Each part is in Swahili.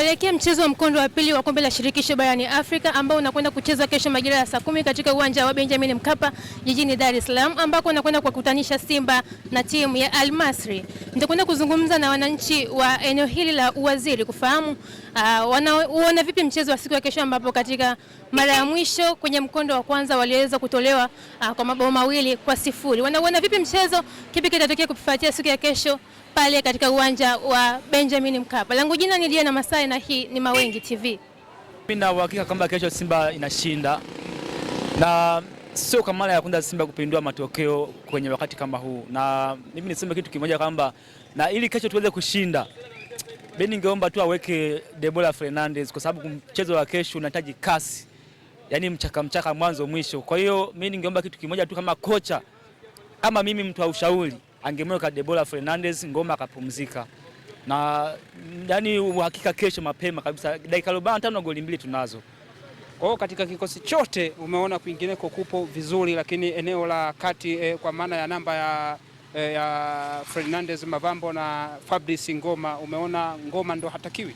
Kuelekea mchezo wa mkondo wa pili wa kombe la shirikisho barani Afrika ambao unakwenda kuchezwa kesho majira ya saa kumi katika uwanja wa Benjamin Mkapa jijini Dar es Salaam ambako unakwenda kuwakutanisha Simba na timu ya Al Masry. Nitakwenda kuzungumza na wananchi wa eneo hili la Uwaziri kufahamu uh, wanaona vipi mchezo wa siku ya kesho ambapo katika mara ya mwisho kwenye mkondo wa kwanza waliweza kutolewa uh, kwa mabao mawili kwa sifuri. Wanaona vipi mchezo? Kipi kitatokea kufuatia siku ya kesho pale katika uwanja wa Benjamin Mkapa. Langu jina ni Diana Masai na hii ni Mawengi TV. Mimi na uhakika kwamba kesho Simba inashinda na sio kwa mara ya kwanza Simba kupindua matokeo kwenye wakati kama huu, na mimi niseme kitu kimoja kwamba na ili kesho tuweze kushinda Beni, ningeomba tu aweke Debola Fernandez kwa sababu mchezo wa kesho unahitaji kasi, yaani mchaka mchaka mwanzo mwisho. Kwa hiyo mimi ningeomba kitu kimoja tu kama kocha, kama mimi mtu wa ushauri angemweka Debola Fernandez Ngoma akapumzika na yani uhakika kesho mapema kabisa, dakika 45 na goli mbili tunazo. Kwa hiyo katika kikosi chote umeona kwingineko kupo vizuri, lakini eneo la kati eh, kwa maana ya namba ya, eh, ya Fernandez Mavambo na Fabrice Ngoma, umeona Ngoma ndo hatakiwi.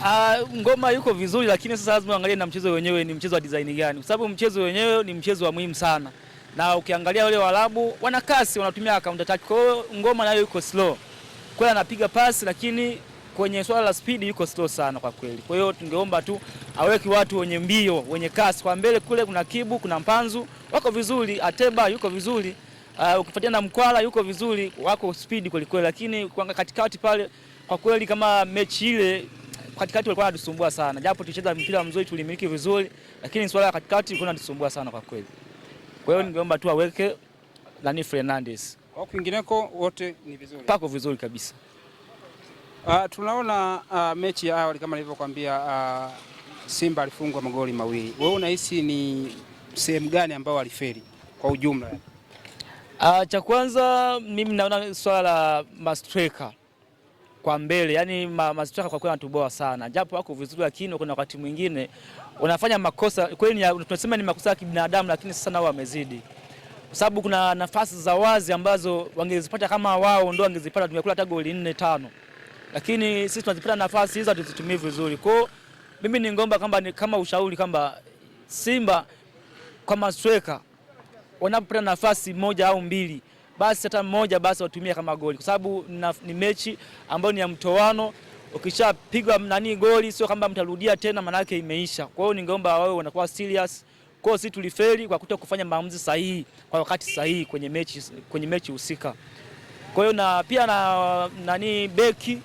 Uh, Ngoma yuko vizuri, lakini sasa lazima angalie na mchezo wenyewe ni mchezo wa design gani, kwa sababu mchezo wenyewe ni mchezo wa muhimu sana na ukiangalia wale Waarabu wana kasi, wanatumia counter attack. Kwa hiyo Ngoma nayo yuko slow kweli, anapiga pasi lakini kwenye swala la speed yuko slow sana kwa kweli. Kwa hiyo tungeomba tu aweki watu wenye mbio, wenye kasi kwa mbele kule. Kuna Kibu, kuna Mpanzu wako vizuri, Ateba yuko vizuri, uh, ah, ukifuatia na Mkwala yuko vizuri, wako speed kweli kweli, lakini kwa katikati pale kwa kweli kama mechi ile katikati walikuwa wanatusumbua sana, japo tulicheza mpira mzuri, tulimiliki vizuri, lakini swala ya katikati ilikuwa inatusumbua sana kwa kweli. Kwa hiyo ningeomba tu aweke nani Fernandes. Kwa kwingineko wote ni vizuri. Pako vizuri kabisa. Uh, tunaona uh, mechi ya awali kama nilivyokuambia uh, Simba alifungwa magoli mawili. Wewe unahisi ni sehemu gani ambayo aliferi kwa ujumla? Uh, cha kwanza mimi naona swala la mastreka kwa mbele, yani mazishi yako kwa kweli anatuboa sana, japo wako vizuri, lakini kuna wakati mwingine unafanya makosa kweli, tunasema ni makosa ya kibinadamu, lakini sasa nao wamezidi, kwa sababu kuna nafasi za wazi ambazo wangezipata kama wao ndio wangezipata, tumekula hata goli nne tano, lakini sisi tunazipata nafasi hizo, tuzitumie vizuri. Kwa mimi ningeomba kwamba ni kama ushauri kwamba Simba kwa masweka wanapopata nafasi moja au mbili basi hata mmoja basi watumie kama goli, kwa sababu ni mechi ambayo ni ya mtoano. Ukishapigwa nani goli, sio kama mtarudia tena, yake imeisha. Kwa hiyo ningeomba wao wanakuwa serious kwa sisi tulifeli kwa kuto kufanya maamuzi sahihi kwa wakati sahihi kwenye mechi, kwenye mechi husika. Kwa hiyo na pia na nani beki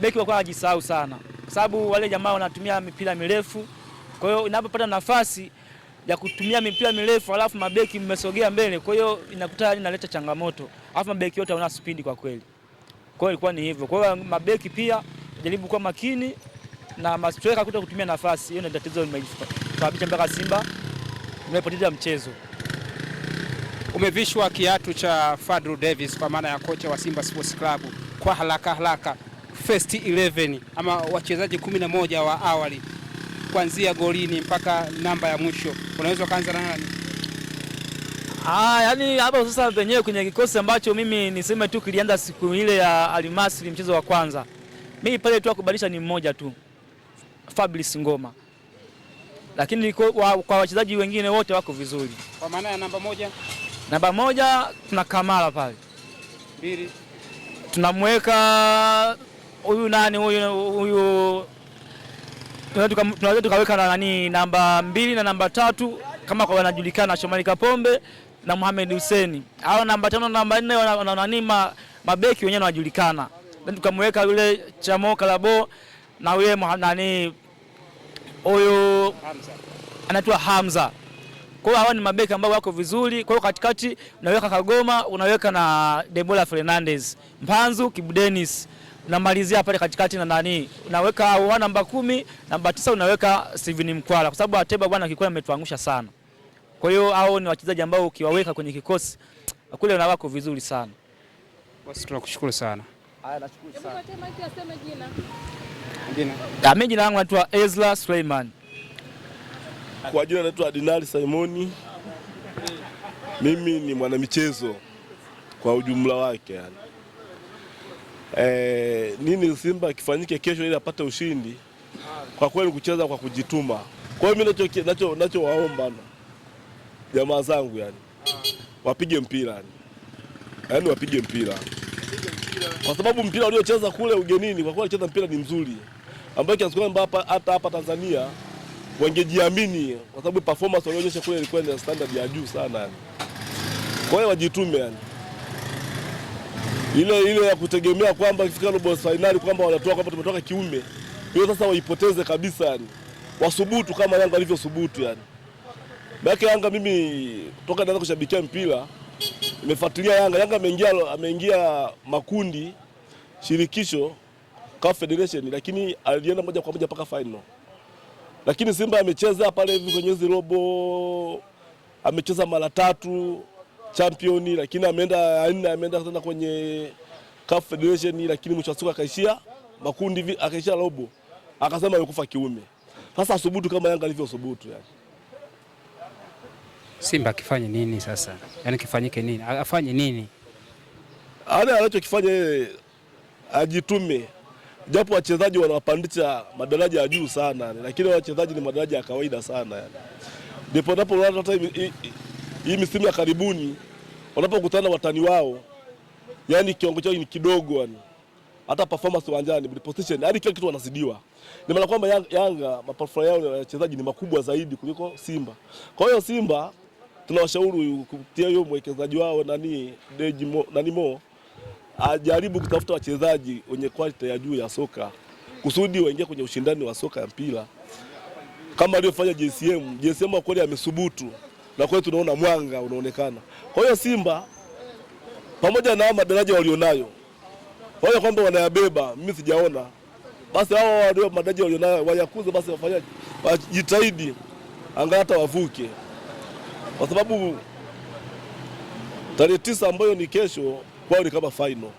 beki wakuwa anajisahau sana, kwa sababu wale jamaa wanatumia mipira mirefu, kwa hiyo inapopata nafasi ya kutumia mipira mirefu alafu mabeki mmesogea mbele, kwa hiyo inakuta inaleta changamoto, alafu mabeki wote wana speed kwa kweli. Kwa hiyo ilikuwa ni hivyo. Kwa hiyo mabeki pia jaribu kuwa makini na mastreka kuto kutumia nafasi hiyo, ndio tatizo limesababisha mpaka Simba imepoteza mchezo. Umevishwa kiatu cha Fadru Davis kwa maana ya kocha wa Simba Sports Club kwa haraka haraka, first 11 ama wachezaji kumi wa awali kuanzia golini mpaka namba ya mwisho, unaweza ukaanza na nani? Ah, yani hapo sasa penyewe kwenye kikosi ambacho mimi niseme tu kilianza siku ile ya Almasri mchezo wa kwanza, mimi pale tu akubadilisha ni mmoja tu Fabrice Ngoma, lakini kwa, kwa wachezaji wengine wote wako vizuri. Kwa maana ya namba moja, namba moja tuna Kamala pale, mbili tunamweka huyu nani huyu huyu tunaweza tukaweka na nani namba mbili na namba tatu kama kwa wanajulikana Shomari Kapombe na Mohamed Hussein. Hao namba tano na namba nne wana nani ma, mabeki wenyewe wanajulikana. Then tukamweka yule Chamo Kalabo na yule nani huyo anaitwa Hamza. Kwa hiyo hawa ni mabeki ambao wako vizuri. Kwa hiyo katikati unaweka Kagoma, unaweka na Debola Fernandez, Mpanzu, Kibu Dennis namalizia pale katikati na nani, naweka wa namba kumi, namba tisa unaweka Steven Mkwala, kwa sababu Ateba bwana kikuwa ametuangusha sana. Kwa hiyo hao ni wachezaji ambao ukiwaweka kwenye kikosi kule wako vizuri sana. Basi tunakushukuru sana. Haya, nashukuru sana. Mimi jina langu naitwa Ezra Suleiman, kwa jina naitwa Adinali Simoni. Mimi ni mwanamichezo kwa ujumla wake yani eh, nini Simba kifanyike kesho ili apate ushindi, kwa kweli kucheza kwa kujituma. Kwa hiyo mimi nacho nacho nachowaomba jamaa zangu yani wapige mpira yani, yaani wapige mpira kwa sababu mpira uliocheza kule ugenini kwa kweli cheza mpira ni mzuri, ambayo kiasi kwamba hapa hata hapa Tanzania wangejiamini kwa sababu performance walionyesha kule ilikuwa ni standard ya juu sana yani. Kwa hiyo wajitume yani ile ile ya kutegemea kwamba ikifika robo finali kwamba wanatoa kwamba tumetoka kiume, hiyo sasa waipoteze kabisa, yani wasubutu kama Yanga subutu. yani. baki Yanga mimi toka naanza kushabikia mpira nimefuatilia Yanga. Yanga ameingia ameingia makundi shirikisho CAF Federation, lakini alienda moja kwa moja mpaka final. Lakini Simba amecheza pale hivi kwenye zirobo, amecheza mara tatu champion, lakini ameenda aina ameenda tena kwenye CAF Federation, lakini mwisho wa siku akaishia makundi akaishia robo, akasema yokufa kiume. Sasa asubutu kama Yanga alivyo subutu yani. Simba akifanye nini sasa? Yaani kifanyike nini? Afanye nini? Ana anachokifanya yeye ajitume. Japo wachezaji wanawapandisha madaraja ya juu sana, lakini wachezaji ni madaraja ya kawaida sana yani. Ndipo napo hata hii misimu ya karibuni wanapokutana watani wao, yani kiwango chao ni kidogo, yani hata performance uwanjani position, hadi kila kitu wanazidiwa. Ni maana kwamba Yanga, Yanga yao ya wachezaji ni makubwa zaidi kuliko Simba. Kwa hiyo Simba tunawashauri kupitia hiyo mwekezaji wao nani Deji Mo, nani Mo ajaribu kutafuta wachezaji wenye quality ya juu ya soka kusudi waingie kwenye ushindani wa soka ya mpira kama aliyofanya JCM. JCM kwa kweli amesubutu na kwetu tunaona mwanga unaonekana. Kwa hiyo Simba pamoja na madaraja walionayo wao kwamba wanayabeba, mimi sijaona, basi hao walio madaraja walionayo wayakuze, basi wafanyaje, wajitahidi angaa wavuke, kwa sababu tarehe tisa ambayo ni kesho kwao ni kama final,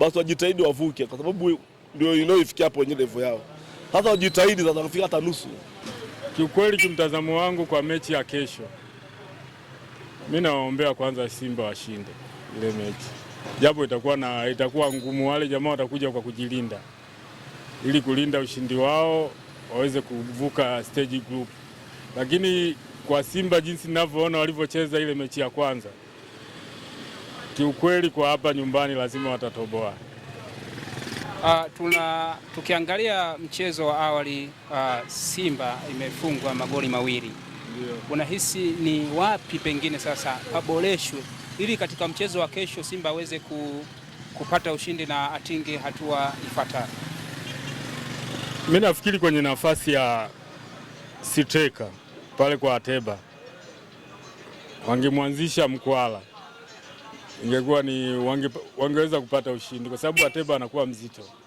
basi wajitahidi wavuke, kwa sababu ndio inayoifikia hapo wenye level yao. Sasa wajitahidi sasa kufika hata nusu. Kiukweli, kimtazamo wangu kwa mechi ya kesho mi nawaombea kwanza Simba washinde ile mechi, japo itakuwa na itakuwa ngumu. Wale jamaa watakuja kwa kujilinda, ili kulinda ushindi wao waweze kuvuka stage group, lakini kwa Simba jinsi ninavyoona walivyocheza ile mechi ya kwanza, kiukweli kwa hapa nyumbani lazima watatoboa. Uh, tuna tukiangalia mchezo wa awali uh, Simba imefungwa magoli mawili unahisi ni wapi pengine sasa paboreshwe ili katika mchezo wa kesho Simba aweze ku, kupata ushindi na atinge hatua ifuatayo? Mimi nafikiri kwenye nafasi ya siteka pale kwa Ateba wangemwanzisha Mkwala, ingekuwa ni wange, wangeweza kupata ushindi kwa sababu Ateba anakuwa mzito.